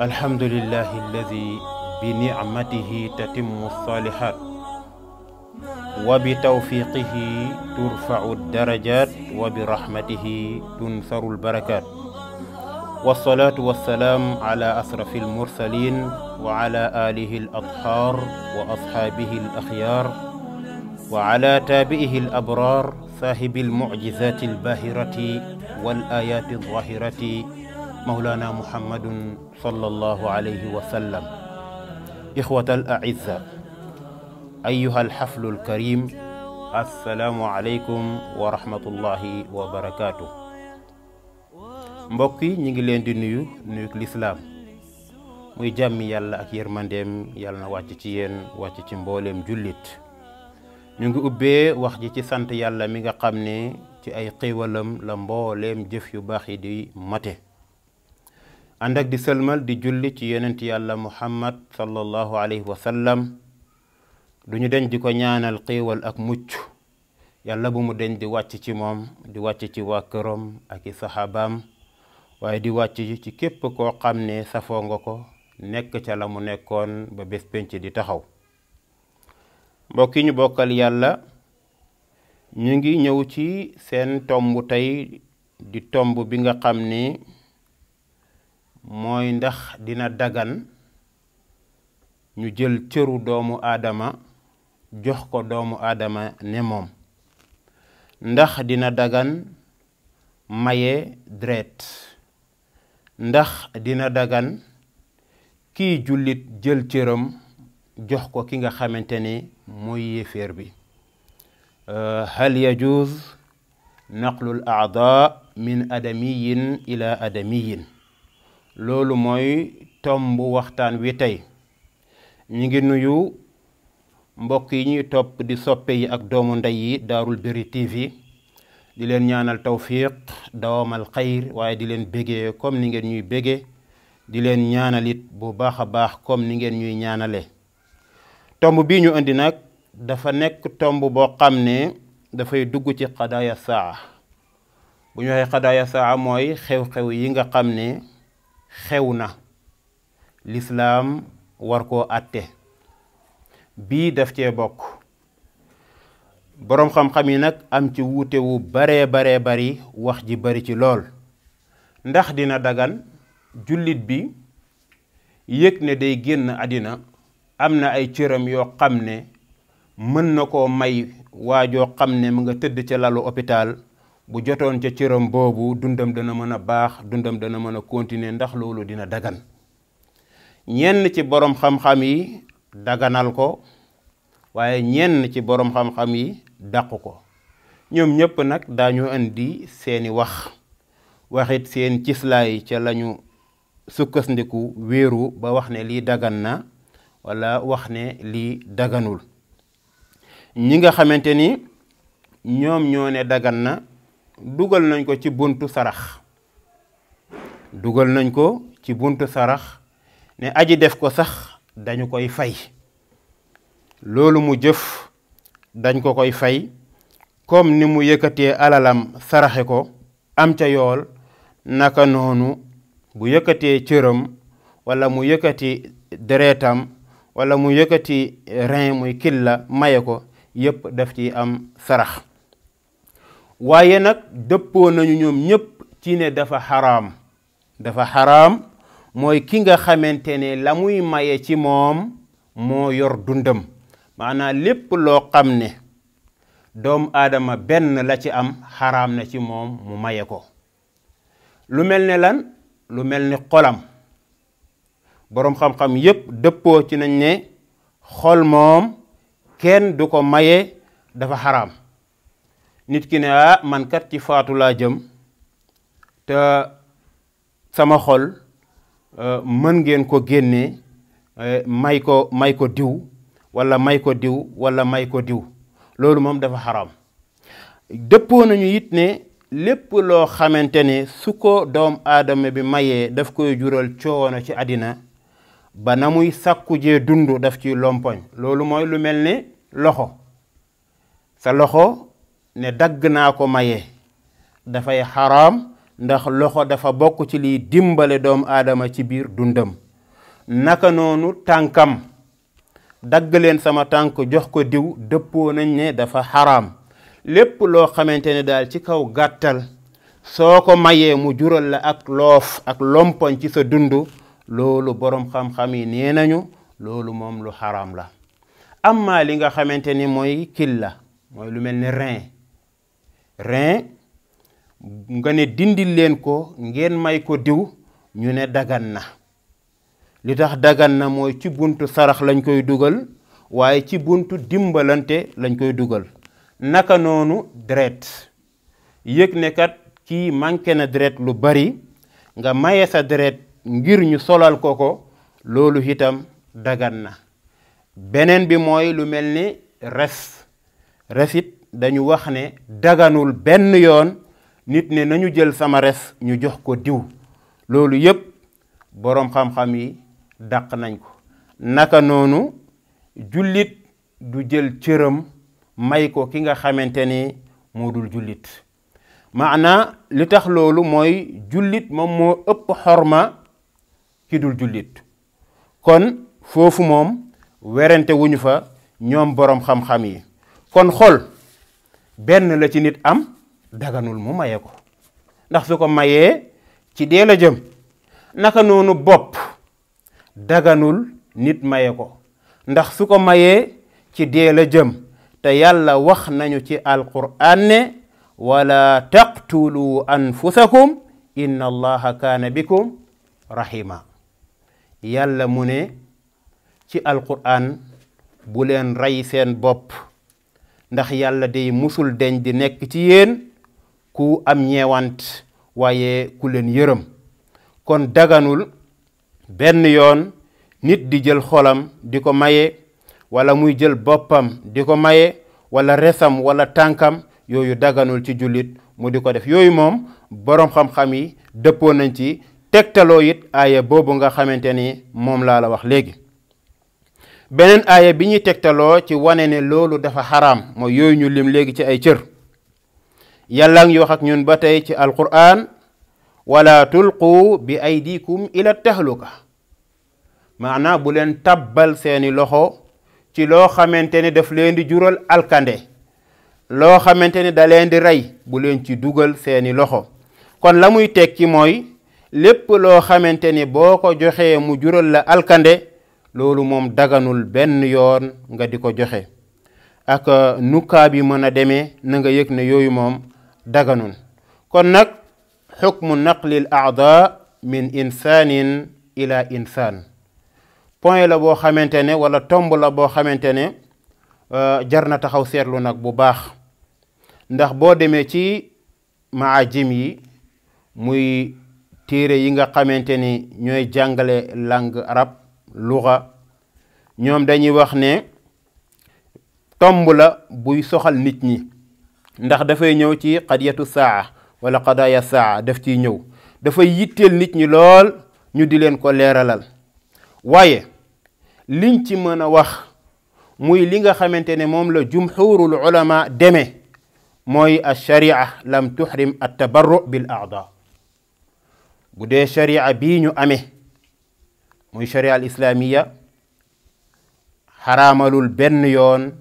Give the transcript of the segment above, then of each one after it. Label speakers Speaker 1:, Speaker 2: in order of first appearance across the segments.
Speaker 1: alhamdulillahi alladi bi nicmatihi tatimmu saalihaat wa bi tawfiiqihi turfau darajaat wa bi rahmatihi tunsaru albarakaat wassalaatu wassalaam ala asrafi almursalin wa ala aalihi aladxaar wa asxaabihi alaxyaar wa ala taabi'ihi alabraar saahibi almucjizaati albaahirati wal aayaati alzaahirati mawlana muhammadun sallallahu alayhi wa sallam ixwata al aizza ayuha alxaflu alkarim assalaamu aleykum wa rahmatullahi wa barakaatu mbokk yi ñu ngi leen di nuyu nuyuk lislaam muy jàmmi yàlla ak yërmandeem yàlla na wàcc ci yéen wàcc ci mbooleem jullit ñu ngi ubbee wax ji ci sant yàlla mi nga xam ne ci ay xéewalam la mbooleem jëf yu baax yi di mate ànd ak di sëlmal di julli ci yonent yàlla muhammad sallallahu alayhi wa sallam du ñu deñ di ko ñaanal xiiwal ak mucc yàlla bu mu deñ di wàcc ci moom di wàcc ci waa këram ak i saxaabaam waaye di wàcc ci képp koo xam ne safoo nga ko nekk ca la mu nekkoon ba bés penc di taxaw mbokk ñu bokkal yàlla ñu ngi ñëw ci seen tomb tey di tomb bi nga xam ni mooy ndax dina dagan ñu jël cëru doomu aadama jox ko doomu aadama ne moom ndax dina dagan maye deret ndax dina dagan ki jullit jël cëram jox ko ki nga xamante ni mooy yéeféer bi euh, hal yajuz naqlul aada min adamiyin ila adamiyin loolu mooy tomb waxtaan wi tey ñu ngi nuyu mbokk yi ñuy topp di soppe yi ak doomu ndey yi Daarul Birri TV di leen ñaanal tawfiq dawamal xayr waaye di leen bégee comme ni ngeen ñuy bégee di leen ñaanalit bu baax a baax comme ni ngeen ñuy ñaanale tomb bi ñu indi nag dafa nekk tomb boo xam ne dafay dugg ci xadaaya saa bu ñu waxee xadaaya saa mooy xew-xew yi nga xam ne xew na lislaam war koo àtte bii daf cee bokk boroom xam-xam yi nag am ci wuute wu baree baree bari wax ji bari ci lool ndax dina dagan jullit bi yëg ne day génn àddina am na ay cëram yoo xam ne mën na koo may waa joo xam ne mu nga tëdd ca lalu hôpital bu jotoon ca cëram boobu dundam dana mën a baax dundam dana mën a continuer ndax loolu dina dagan ñenn ci boroom xam-xam yi daganal ko waaye ñenn ci boroom xam-xam yi dàqu ko ñoom ñëpp nag daañu indi seeni wax waxit seen cislaay ca lañu sukkandiku wéeru ba wax ne lii dagan na wala wax ne lii daganul ñi nga xamante ni ñoom ñoo ne dagan na dugal nañ ko ci buntu sarax dugal nañ ko ci buntu sarax ne aji def ko sax dañu koy fay loolu mu jëf dañ ko koy fay comme ni mu yëkkatee alalam saraxe ko am ca yool naka noonu bu yëkkatee cëram wala mu yëkkati deretam wala mu yëkkati rein muy killa maye ko yépp def ci am sarax waaye nag dëppoo nañu ñoom ñépp ci ne dafa xaram dafa xaraam mooy ki nga xamante ne la muy maye ci moom moo yor dundam maanaam lépp loo xam ne doomu aadama benn la ci am xaram na ci moom mu maye ko lu mel ne lan lu mel ni xolam boroom xam-xam yépp dëppoo ci nañ ne xol moom kenn du ko maye dafa xaram nit ki ne ah man kat ci faatu laa jëm te sama xol euh, mën ngeen ko génnee euh, may ko may ko diw walla may ko diw wala may ko diw loolu moom dafa xaraam dëppoo nañu it ne lépp loo xamante ne su ko doom aadama bi mayee daf koy jural coono ci àddina ba na muy sàkku jee dund daf ci lompoñ loolu mooy lu mel ne loxo sa loxo ne dagg naa ko maye dafay xaram ndax loxo dafa bokk ci liy dimbale doom aadama ci biir dundam naka noonu tànkam dagg leen sama tànk jox ko diw dëppoo nañ ne dafa xaram lépp loo xamante ne daal ci kaw gàttal soo ko mayee mu jural la ak loof ak lompoñ ci sa dund loolu boroom xam-xam yi nee nañu loolu moom lu xaraam la amma li nga xamante ni mooy la mooy lu mel ni rein rein nga ne dindi leen ko ngeen may ko diw ñu ne dagan na li tax dagan na mooy ci buntu sarax lañ koy dugal waaye ci buntu dimbalante lañ koy dugal naka noonu dret yëg ne kat kii manqué na dret lu bari nga maye sa dret ngir ñu solal ko ko loolu itam dagan na beneen bi mooy lu mel ni res resit dañu wax ne daganul benn yoon nit ne nañu jël sama res ñu jox ko diw loolu yépp boroom xam-xam yi daq nañ ko naka noonu jullit du jël cëram may ko ki nga xamante ni moo dul jullit maanaa li tax loolu mooy jullit moom moo ëpp xorma ki dul jullit kon foofu moom werante wuñu fa ñoom boroom xam-xam yi kon xol benn la ci nit am daganul mu maye ko ndax su ko mayee ci dee jëm naka noonu bopp daganul nit maye ko ndax su ko mayee ci dee jëm te yàlla wax nañu ci alquran ne wala taqtulu anfusakum inna allaha kaana bikum raxima yàlla mu ne ci alquran bu leen rey seen bopp ndax yàlla day mosul deñ di nekk ci yéen ku am ñeewant waaye ku leen yërëm kon daganul benn yoon nit di jël xolam di ko maye wala muy jël boppam di ko maye walla resam wala tànkam yooyu daganul ci jullit mu di ko def yooyu moom boroom xam-xam yi dëppoo nañ ci tegtaloo it aaya boobu nga xamante ni moom laa la wax léegi beneen aaya bi ñuy tegtaloo ci wane ne loolu dafa xaram mooy yooyu ñu lim léegi ci ay cër yàlla ngi ak ñun ba tey ci alquran wala tulqu bi ay aydikum ila tahluka maanaam bu leen tabbal seeni loxo ci loo xamante ne daf leen di jural alkande loo xamante ne da leen di rey bu leen ci dugal seeni loxo kon la muy tekki mooy lépp loo xamante ni boo ko joxee mu jural la alkande loolu moom daganul benn yoon nga di ko joxe ak euh, nukkaa bi mën a demee na nga yëg ne yooyu moom daganul kon nag xukmu naqlil aada min insaanin ila insaan point la boo xamante ne wala tomb la boo xamante ne euh, jar na taxaw seetlu nag bu baax ndax boo demee ci maajim yi muy téere yi nga xamante ni ñooy jàngale langue arab luxa ñoom dañuy wax ne tomb la buy soxal nit ñi ndax dafay ñëw ci qadiyatu saa wala qadaya saa daf ci ñëw dafay yitteel nit ñi lool ñu di leen ko leeralal waaye liñ ci mën a wax muy li nga xamante ne moom la jumhurul ulama demee mooy ash-sharia lam tuhrim at tabarru bil aada bu dee sharia bii ñu amee muy sharia al islaamiya xaraamalul benn yoon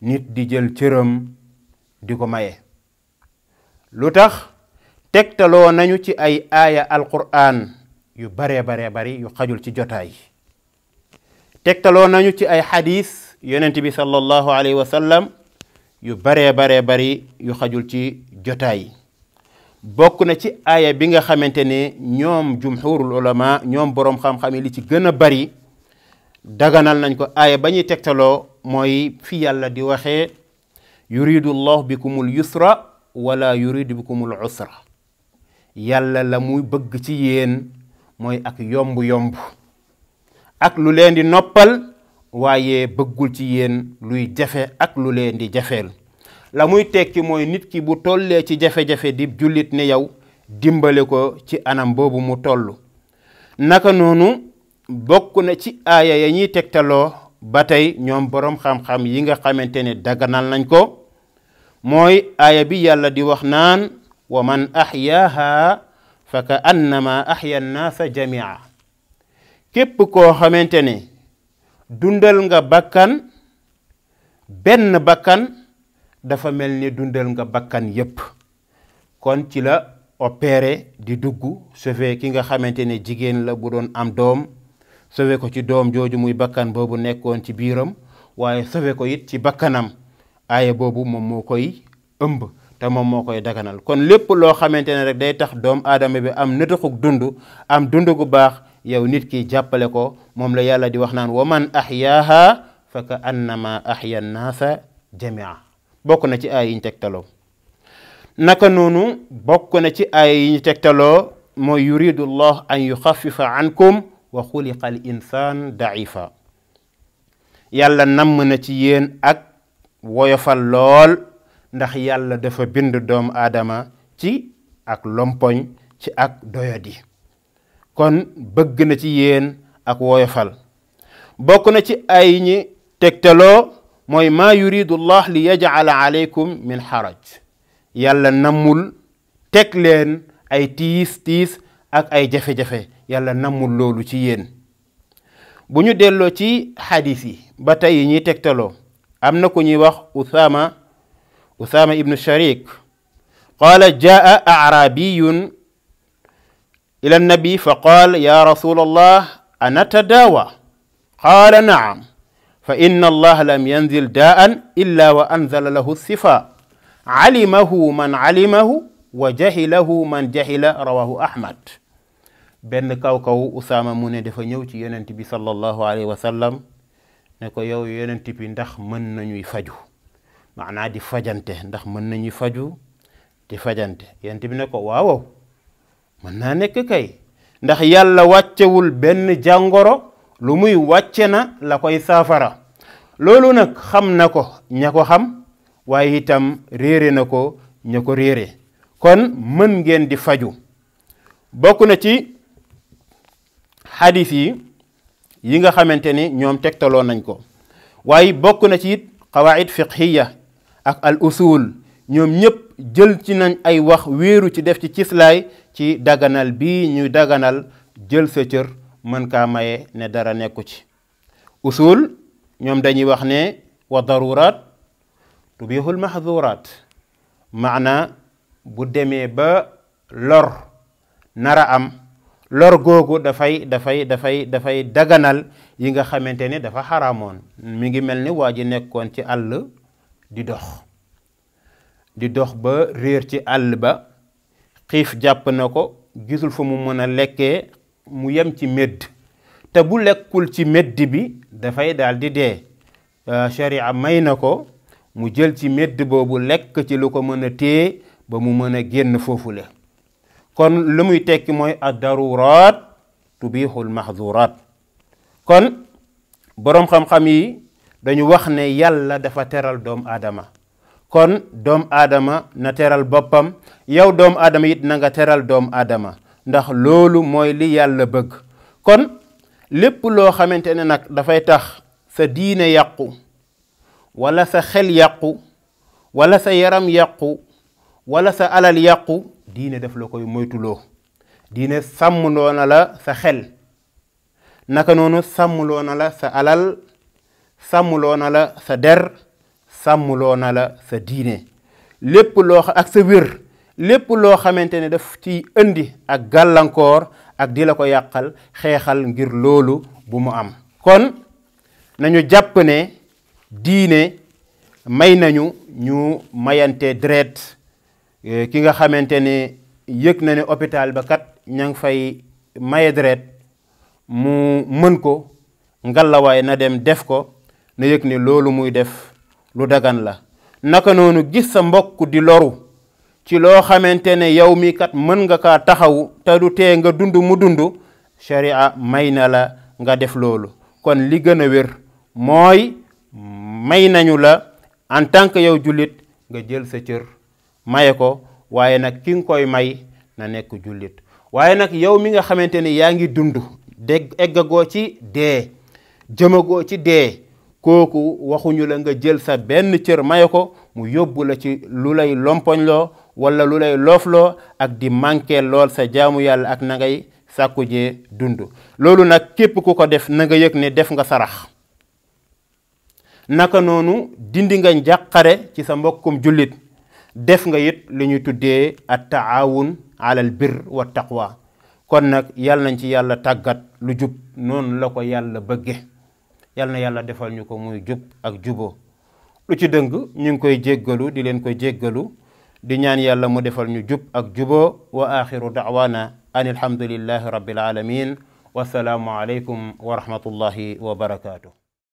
Speaker 1: nit di jël cëram di ko maye lu tax tegtaloo nañu ci ay aaya alquraan yu baree baree bari yu xajul ci jotaay tegtaloo nañu ci ay xadiis yonent bi sallallahu alayhi yu baree baree bari yu xajul ci jotaay bokk na ci aaya bi nga xamante ne ñoom jumhurul ulama ñoom boroom xam-xam yi li ci gën a bari daganal nañ ko aaya ba ñuy tegtaloo mooy fi yàlla di waxee yuridu llahu bikumul yusra wala yuridu bikumul usra yàlla la muy bëgg ci yéen mooy ak yomb-yomb ak lu leen di noppal waaye bëggul ci yéen luy jafe ak lu leen di jafeel la muy tekki mooy nit ki bu tollee ci jafe-jafe di jullit ne yow dimbale ko ci anam boobu mu toll naka noonu bokk na ci aaya ya ñuy tegtaloo ba tey ñoom boroom xam-xam yi nga xamante ne daganal nañ ko mooy aaya bi yàlla di wax naan wa man ahyaaha fa ka annama ahya nnaasa jamia képp koo xamante ne dundal nga bakkan benn bakkan dafa mel ni dundal nga bakkan yépp kon ci la opeere di dugg sauvé ki nga xamante ne jigéen la bu doon am doom sauvé ko ci doom jooju muy bakkan boobu nekkoon ci biiram waaye sauvé ko it ci bakkanam aaye boobu moom moo koy ëmb te moom moo koy daganal kon lépp loo xamante ne rek day tax doom aadama bi am nëtaxug dund am dund gu baax yow nit ki jàppale ko moom la yàlla di wax naan wa man ahyaaha fa ka annama ahya nnaasa jamia bokk na ci aay yi naka noonu bokk na ci aay yi ñu tegtaloo mooy yuridu llah an yuxafifa ankum wa xuliqa al insaan daifa yàlla namm na ci yéen ak woyofal lool ndax yàlla dafa bindu doomu aadama ci ak lompoñ ci ak doyadi kon bëgg na ci yéen ak woyofal bokk ci ay ñi mooy maa yuridu llah li yajcala aleykum min xaraj yàlla nammul teg leen ay tiis tiis ak ay jafe-jafe yàlla nammul loolu ci yéen bu ñu delloo ci xadis ba tey ñi ñuy tegtaloo am na ku ñuy wax usaama usaama ibnu sharik qaala jaa aarabiyun ila nnabi fa qaal ya rasul allah ana tadaawa qaala naam fa inna allaha lam yanzil daan illa wa anzala lahu sifa alimahu man alimahu wa jahilahu man jahila rawahu ahmad benn kaw-kaw usaama mu ne dafa ñëw ci yonent bi sallallahu ne ko yow yonent bi ndax mën nañuy faju mana di fajante ndax mën nañuy faju di fajante yonent bi ne ko waawow mën naa nekk kay ndax yàlla wàccewul benn jàngoro lu muy wàcce na la koy loolu nag xam na ko ña ko xam waaye itam réere na ko ña ko réere kon mën ngeen di faju bokk na ci xadis yi yi nga xamante ni ñoom tegtaloo nañ ko waaye bokk na ci it xawaid fiqhiya ak al usul ñoom ñëpp jël ci nañ ay wax wéeru ci def ci cislaay ci daganal bi ñu daganal jël sa cër mën kaa maye ne dara nekku ci usul ñoom dañuy wax ne wa darurat tubihul mahdurat maana bu demee ba lor nara am lor googu dafay dafay dafay dafay daganal yi nga xamante ne dafa xaramoon mi ngi mel ni waa ji nekkoon ci àll di dox di dox ba réer ci àll ba xiif jàpp na ko gisul fa mu mën a lekkee mu yem ci médd te bu lekkul ci médd bi dafay dal di dee euh, sharia may na ko mu jël ci médd boobu lekk ci lu ko mën a téye ba mu mën a génn foofule kon lu muy tekki mooy ad-daruraat tubixul mahdurat kon boroom xam-xam yi dañu wax ne yàlla dafa teral doom aadama kon doom aadama na teral boppam yow doom aadama yit na nga teral doom aadama ndax loolu mooy li yàlla bëgg kon lépp loo xamante ne nag dafay tax sa diine yàqu walla sa xel yàqu walla sa yaram yàqu wala sa alal yàqu diine def la koy moytuloo diine sàmmloo na la sa xel naka noonu sàmmloo na la sa alal sàmmloo na la sa der sàmmloo na la sa diine lépp loo ak sa wér lépp loo xamante ne daf ci indi ak gàllankoor ak di la ko yàqal xeexal ngir loolu bu mu am kon nañu jàpp ne diine may nañu ñu mayante dret eh, ki nga xamante ne yëg na ne hôpital ba kat ña ngi fay maye deret mu mën ko ngalawaay na dem def ko na yëg ne loolu muy def lu dagan la naka noonu gis sa mbokk di loru ci loo xamante ne yow mii kat mën nga kaa taxaw te du tee nga dund mu dund sharia may na la nga def loolu kon li gën a wér mooy may nañu la en tant que yow jullit nga jël sa cër maye ko waaye nag ki nga koy may na nekk jullit waaye nag yow mi nga xamante ne yaa ngi dund dégg eggagoo ci dee jëmagoo ci dee kooku waxuñu la nga jël sa benn cër maye ko mu yóbbu la ci lu lay lompoñ loo wala lu lay loofloo ak di manqué lool sa jaamu yàlla ak nangay ngay sàkku jee dund loolu nag képp ku ko def nanga yëg ne def nga sarax naka noonu dindi nga njàqare ci sa mbokkum jullit def nga yit lu ñu tuddee at taawun alal bir wa wa kon nag yàlla nañ ci yàlla tàggat lu jub noonu la ko yàlla bëgge yàlla na yàlla defal ñu ko muy jub ak juboo lu ci dëng ñu ngi koy jéggalu di leen koy jéggalu di ñaan yàlla mu defal ñu jub ak juboo wa axiru daawaana an alhamdulillahi rabbil alamin wasalaamu aleykum wa rahmatullahi wa barakaatu